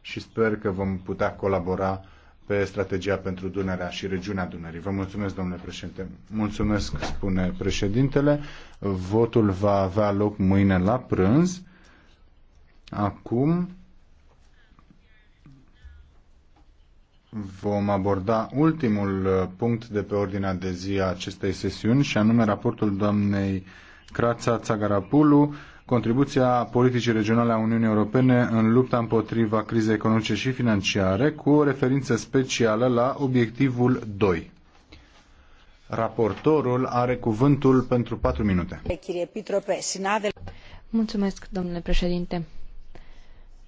și sper că vom putea colabora pe strategia pentru Dunărea și regiunea Dunării. Vă mulțumesc, domnule președinte. Mulțumesc, spune președintele. Votul va avea loc mâine la prânz. Acum vom aborda ultimul punct de pe ordinea de zi a acestei sesiuni și anume raportul doamnei Crața Țagarapulu contribuția politicii regionale a Uniunii Europene în lupta împotriva crizei economice și financiare, cu o referință specială la obiectivul 2. Raportorul are cuvântul pentru 4 minute. Mulțumesc, domnule președinte.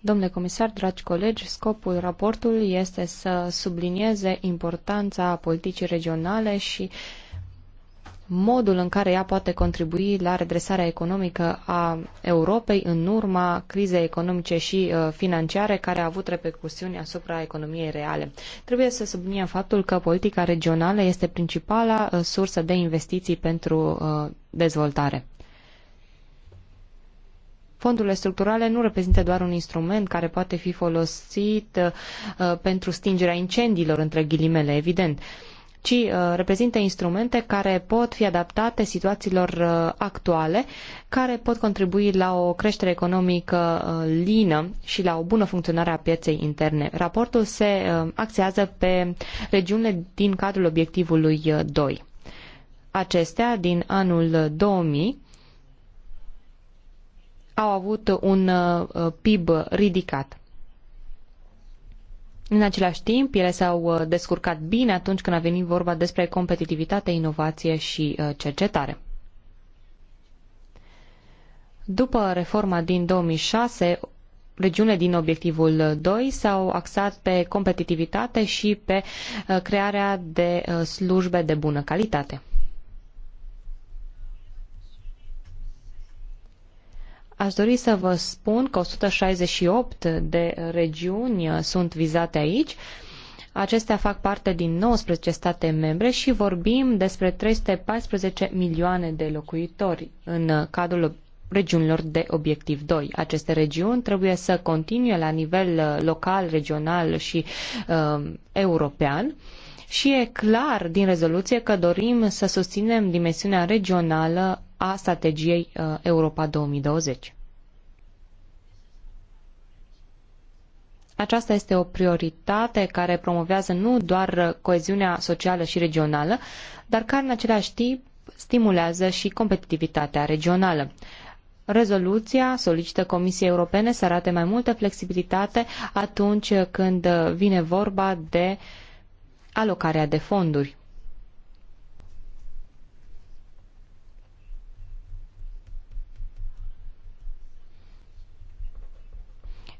Domnule comisar, dragi colegi, scopul raportului este să sublinieze importanța politicii regionale și uh, modul în care ea poate contribui la redresarea economică a Europei în urma crizei economice și uh, financiare care a avut repercusiuni asupra economiei reale. Trebuie să subliniem faptul că politica regională este principala uh, sursă de investiții pentru uh, dezvoltare. Fondurile structurale nu reprezintă doar un instrument care poate fi folosit pentru stingerea incendiilor, între ghilimele, evident. Uh, ci uh, reprezintă instrumente care pot fi adaptate situațiilor uh, actuale, care pot contribui la o creștere economică uh, lină și la o bună funcționare a pieței interne. Raportul se axează pe regiunile din cadrul obiectivului 2. Acestea, din anul 2000, au avut un PIB ridicat. În același timp, ele s-au uh, descurcat bine atunci când a venit vorba despre competitivitate, inovație și uh, cercetare. După reforma din 2006, regiunile din obiectivul 2 s-au axat pe competitivitate și pe uh, crearea de slujbe de bună calitate. Aș dori să vă spun că 168 de regiuni uh, sunt vizate aici. Acestea fac parte din 19 state membre și vorbim despre 314 milioane de locuitori în cadrul regiunilor de obiectiv 2. Aceste regiuni trebuie să continue la nivel uh, local, regional și uh, european. Și e clar din rezoluție că dorim să susținem dimensiunea regională a strategiei uh, Europa 2020. Aceasta este o prioritate care promovează nu doar uh, coeziunea socială și regională, dar care în același timp stimulează și competitivitatea regională. Rezoluția solicită Comisiei Europene să arate mai multă flexibilitate atunci când uh, vine vorba de alocarea de fonduri.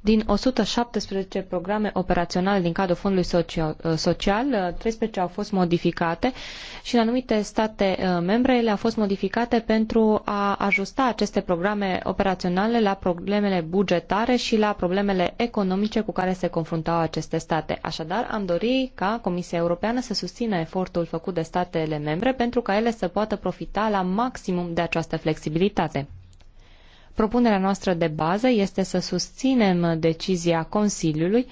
Din 117 programe operaționale din cadrul Fondului uh, Social, 13 uh, au fost modificate și în anumite state uh, membre ele au fost modificate pentru a ajusta aceste programe operaționale la problemele bugetare și la problemele economice cu care se confruntau aceste state. Așadar, am dori ca Comisia Europeană să susțină efortul făcut de statele membre pentru ca ele să poată profita la maximum de această flexibilitate. Propunerea noastră de bază este să susținem decizia Consiliului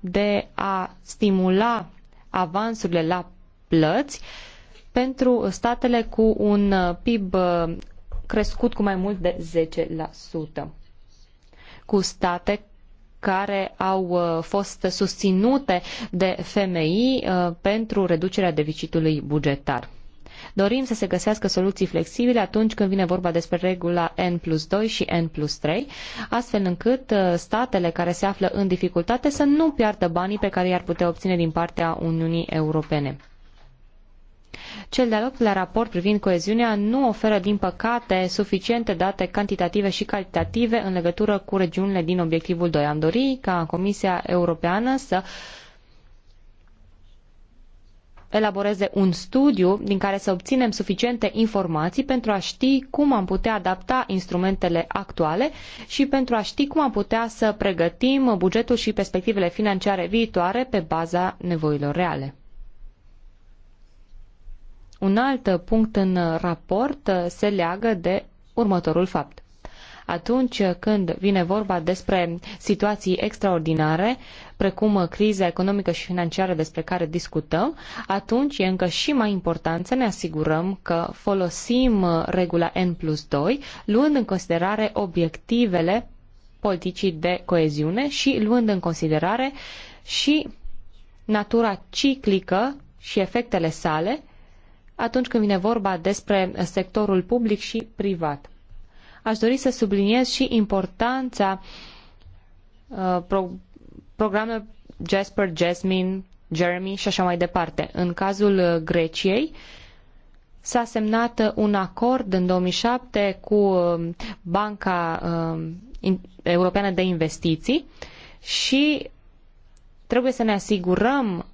de a stimula avansurile la plăți pentru statele cu un PIB crescut cu mai mult de 10%, cu state care au uh, fost susținute de FMI uh, pentru reducerea deficitului bugetar. Dorim să se găsească soluții flexibile atunci când vine vorba despre regula N plus 2 și N plus 3, astfel încât uh, statele care se află în dificultate să nu piardă banii pe care i-ar putea obține din partea Uniunii Europene. Cel de-al optulea raport privind coeziunea nu oferă, din păcate, suficiente date cantitative și calitative în legătură cu regiunile din obiectivul 2. Am dori ca Comisia Europeană să uh, elaboreze un studiu din care să obținem suficiente informații pentru a ști cum am putea adapta instrumentele actuale și pentru a ști cum am putea să pregătim bugetul și perspectivele financiare viitoare pe baza nevoilor reale. Un alt punct în raport se leagă de următorul fapt atunci când vine vorba despre situații extraordinare, precum criza economică și financiară despre care discutăm, atunci e încă și mai important să ne asigurăm că folosim regula N plus 2, luând în considerare obiectivele politicii de coeziune și luând în considerare și natura ciclică și efectele sale atunci când vine vorba despre sectorul public și privat aș dori să subliniez și importanța uh, programelor Jasper, Jasmine, Jeremy și așa mai departe. În cazul uh, Greciei, s-a semnat uh, un acord în 2007 cu Banca Europeană de Investiții și trebuie să ne asigurăm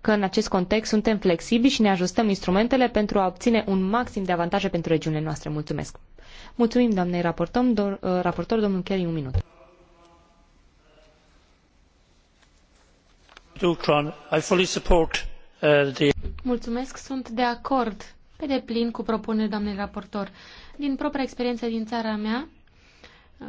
că în acest context suntem flexibili și ne ajustăm instrumentele pentru a obține un maxim de avantaje pentru regiunile noastre. Mulțumesc! Mulțumim, doamnei raportor, do uh, raportor domnul Kelly, un minut. Uh, Mulțumesc, sunt de acord pe deplin cu propunerea doamnei raportor. Din propria experiență din țara mea, uh,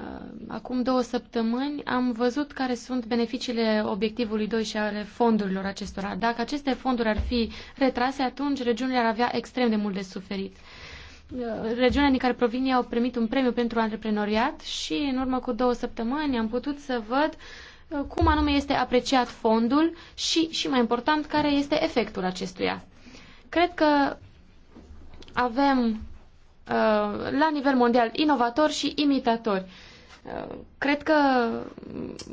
acum două săptămâni, am văzut care sunt beneficiile obiectivului 2 și ale fondurilor acestora. Dacă aceste fonduri ar fi retrase, atunci regiunile ar avea extrem de mult de suferit regiunea din care provin eu au primit un premiu pentru antreprenoriat și în urmă cu două săptămâni am putut să văd uh, cum anume este apreciat fondul și, și mai important, care este efectul acestuia. Cred că avem uh, la nivel mondial inovatori și imitatori. Uh, cred că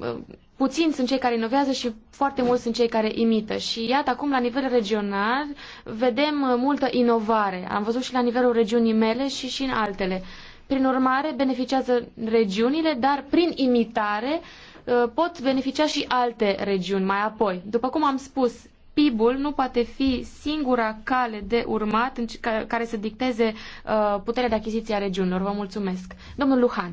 uh, puțini sunt cei care inovează și foarte mulți sunt cei care imită. Și iată, acum, la nivel regional, vedem uh, multă inovare. Am văzut și la nivelul regiunii mele și și în altele. Prin urmare, beneficiază regiunile, dar prin imitare pot beneficia și alte regiuni mai apoi. După cum am spus, PIB-ul nu poate fi singura cale de urmat care să dicteze puterea de achiziție a regiunilor. Vă mulțumesc. Domnul Luhan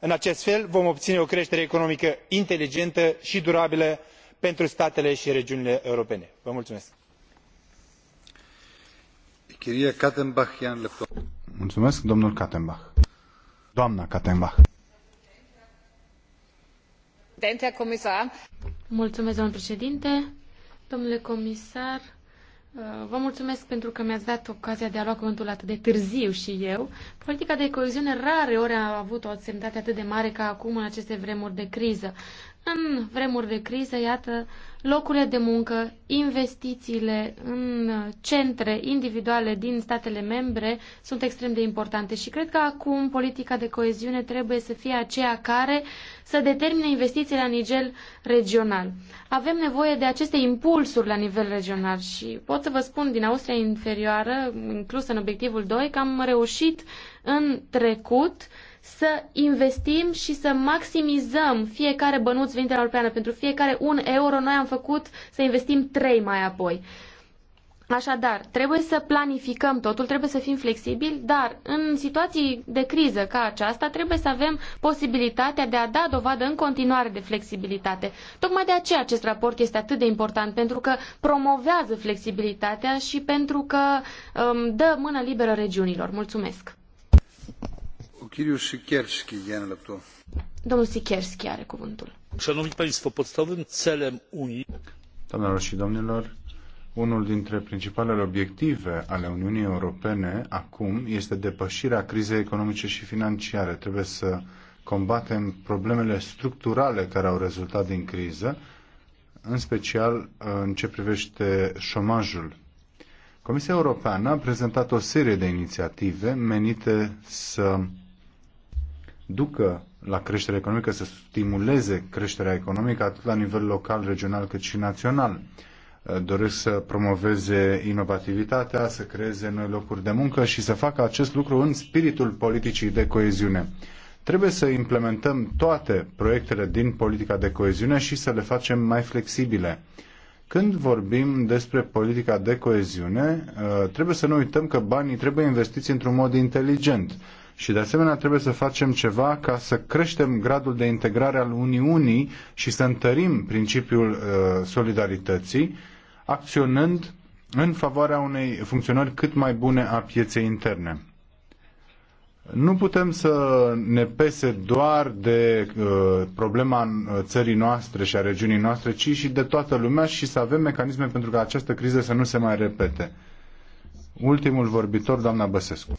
în acest fel vom obine o cretere economică inteligentă i durabilă pentru statele i regiunile europene. Vă mulțumesc. Mulțumesc, domnul Mulțumesc, președinte. Domnule comisar, Uh, vă mulțumesc pentru că mi-ați dat ocazia de a lua cuvântul atât de târziu și eu. Politica de coeziune rare ori a avut o semnitate atât de mare ca acum în aceste vremuri de criză. În vremuri de criză, iată, locurile de muncă, investițiile în centre individuale din statele membre sunt extrem de importante și cred că acum politica de coeziune trebuie să fie aceea care să determine investițiile la nivel regional. Avem nevoie de aceste impulsuri la nivel regional și pot să vă spun din Austria inferioară, inclusă în obiectivul 2, că am reușit în trecut uh, să investim și să maximizăm fiecare bănuț venit la Europeană. Pentru fiecare un euro noi am făcut să investim trei mai apoi. Așadar, trebuie să planificăm totul, trebuie să fim flexibili, dar în situații de criză ca aceasta trebuie să avem posibilitatea de a da dovadă în continuare de flexibilitate. Tocmai de aceea acest raport este atât de important, pentru că promovează flexibilitatea și pentru că um, dă mână liberă regiunilor. Mulțumesc! Domnul are podstawowym celem Unii... domnilor, unul dintre principalele obiective ale Uniunii Europene acum este depășirea crizei economice și financiare. Trebuie să combatem problemele structurale care au rezultat din criză, în special uh, în ce privește șomajul. Comisia Europeană a prezentat o serie de inițiative menite să ducă la creșterea economică, să stimuleze creșterea economică atât la nivel local, regional, cât și național. Uh, doresc să promoveze inovativitatea, să creeze noi locuri de muncă și să facă acest lucru în spiritul politicii de coeziune. Trebuie să implementăm toate proiectele din politica de coeziune și să le facem mai flexibile. Când vorbim despre politica de coeziune, uh, trebuie să nu uităm că banii trebuie investiți într-un mod inteligent și de asemenea trebuie să facem ceva ca să creștem gradul de integrare al Uniunii și să întărim principiul uh, solidarității, acționând în favoarea unei funcționări cât mai bune a pieței interne. Nu putem să ne pese doar de uh, problema uh, țării noastre și a regiunii noastre, ci și de toată lumea și să avem mecanisme pentru ca această criză să nu se mai repete. Ultimul vorbitor, doamna Băsescu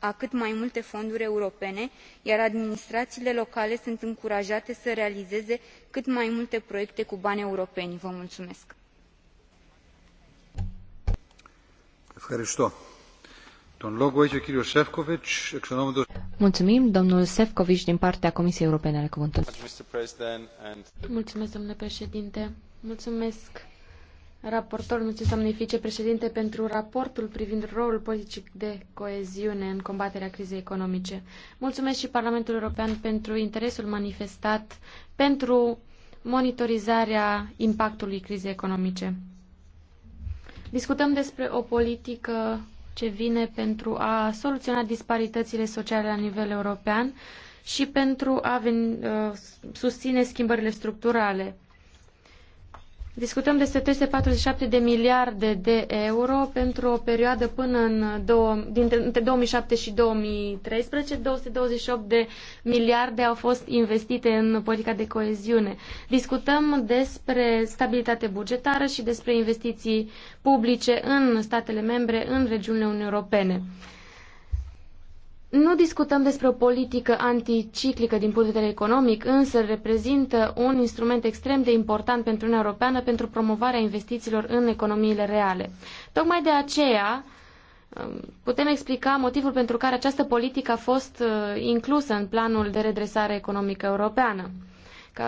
a cât mai multe fonduri europene iar administraiile locale sunt încurajate să realizeze cât mai multe proiecte cu bani europeni. Mulțumim, din partea Comisiei Europene Mulțumesc, domnule președinte. Mulțumesc raportor, mulțumesc doamnei vicepreședinte, pentru raportul privind rolul politicii de coeziune în combaterea crizei economice. Mulțumesc și Parlamentul European pentru interesul manifestat pentru monitorizarea impactului crizei economice. Discutăm despre o politică ce vine pentru a soluționa disparitățile sociale la nivel european și pentru a uh, susține schimbările structurale. Discutăm despre 347 de miliarde de euro pentru o perioadă până în două, dintre, între 2007 și 2013. 228 de miliarde au fost investite în politica de coeziune. Discutăm despre stabilitate bugetară și despre investiții publice în statele membre, în regiunile Uniunii Europene. Nu discutăm despre o politică anticiclică din punct de vedere economic, însă reprezintă un instrument extrem de important pentru Uniunea Europeană pentru promovarea investițiilor în economiile reale. Tocmai de aceea um, putem explica motivul pentru care această politică a fost uh, inclusă în planul de redresare economică europeană. că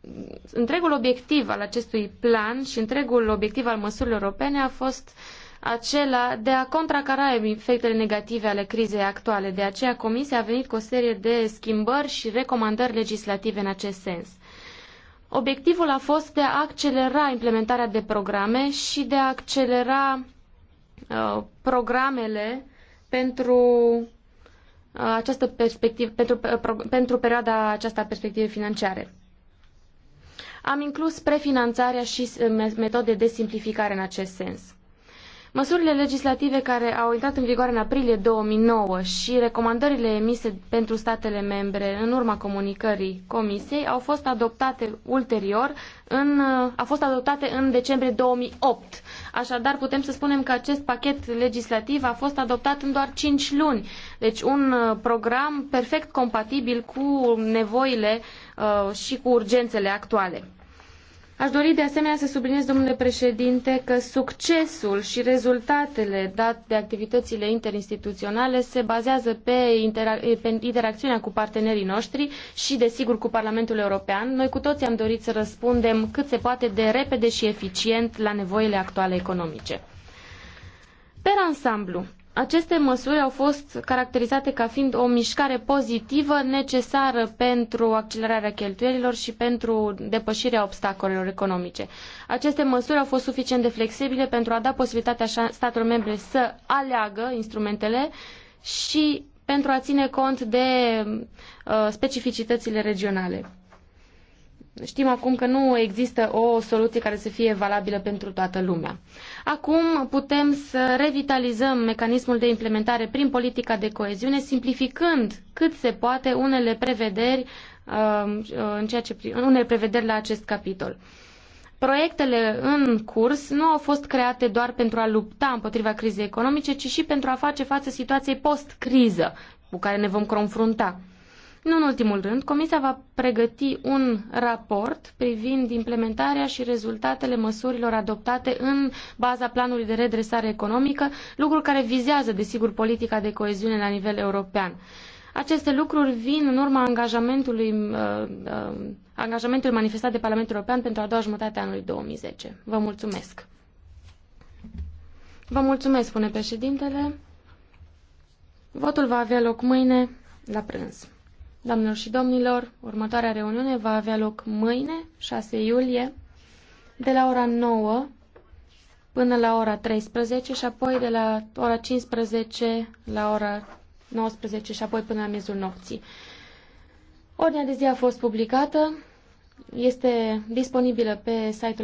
mm, întregul obiectiv al acestui plan și întregul obiectiv al măsurilor europene a fost acela de a contracara efectele negative ale crizei actuale. De aceea, Comisia a venit cu o serie de schimbări și recomandări legislative în acest sens. Obiectivul a fost de a accelera implementarea de programe și de a accelera uh, programele pentru uh, această perspectivă, pentru, uh, pentru perioada aceasta perspective financiare. Am inclus prefinanțarea și metode de simplificare în acest sens. Măsurile legislative care au intrat în vigoare în aprilie 2009 și recomandările emise pentru statele membre în urma comunicării Comisiei au fost adoptate ulterior, în, au fost adoptate în decembrie 2008. Așadar, putem să spunem că acest pachet legislativ a fost adoptat în doar 5 luni. Deci un uh, program perfect compatibil cu nevoile uh, și cu urgențele actuale. Aș dori de asemenea să subliniez, domnule președinte, că succesul și rezultatele date de activitățile interinstituționale se bazează pe, interac- pe interacțiunea cu partenerii noștri și, desigur, cu Parlamentul European. Noi cu toții am dorit să răspundem cât se poate de repede și eficient la nevoile actuale economice. Per ansamblu, aceste măsuri au fost caracterizate ca fiind o mișcare pozitivă necesară pentru accelerarea cheltuielilor și pentru depășirea obstacolelor economice. Aceste măsuri au fost suficient de flexibile pentru a da posibilitatea statelor membre să aleagă instrumentele și pentru a ține cont de uh, specificitățile regionale știm acum că nu există o soluție care să fie valabilă pentru toată lumea. Acum putem să revitalizăm mecanismul de implementare prin politica de coeziune, simplificând cât se poate unele prevederi, um, uh, în ceea ce, unele prevederi la acest capitol. Proiectele în curs nu au fost create doar pentru a lupta împotriva crizei economice, ci și pentru a face față situației post-criză cu care ne vom confrunta. Nu în ultimul rând, Comisia va pregăti un raport privind implementarea și rezultatele măsurilor adoptate în baza planului de redresare economică, lucru care vizează, desigur, politica de coeziune la nivel european. Aceste lucruri vin în urma angajamentului, uh, uh, angajamentului manifestat de Parlamentul European pentru a doua jumătate a anului 2010. Vă mulțumesc! Vă mulțumesc, spune președintele. Votul va avea loc mâine la prânz. Doamnelor și domnilor, următoarea reuniune va avea loc mâine, 6 iulie, de la ora 9 până la ora 13 și apoi de la ora 15 la ora 19 și apoi până la miezul nopții. Ordinea de zi a fost publicată, este disponibilă pe site-ul